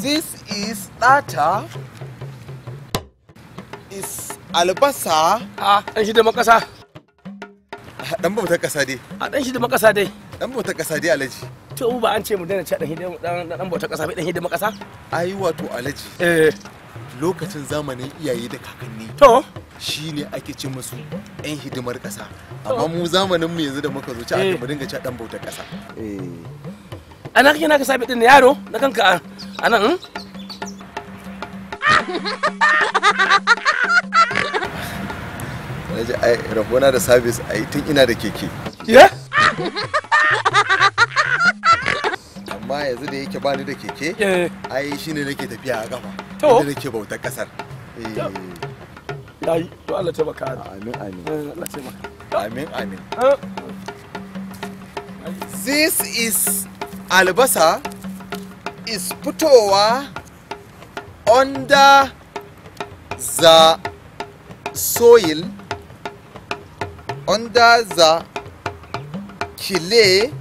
This is ɗata. Is albasa. A ah, ɗan shi da makasa. Ɗan bautar ƙasa dai. A ah, ɗan shi da makasa dai. Ɗan bautar ƙasa dai alaji. To ba an ce mu daina ci da ɗan bautar ƙasa bai ɗan hidima ƙasa? Ai wato alaji. Eh. Lokacin zamanin iyaye da kakanni. To. shi ne ake ce musu 'yan hidimar ƙasa amma mu zamanin mu yanzu da muka zo ci aka eh. mu dinga ci dan bautar ƙasa eh. a nan kake naka sabi din yaro na kanka a nan na hmm? ji ai rabona da sabis ai tun ina da keke ya amma yanzu da yake bani da keke eh. ai shine nake tafiya a kafa inda nake bautar kasar eh. yayi to Allah ta baka amin amin eh, Allah ta baka amin amin ah. this is albasa is fitowa under the soil under the clay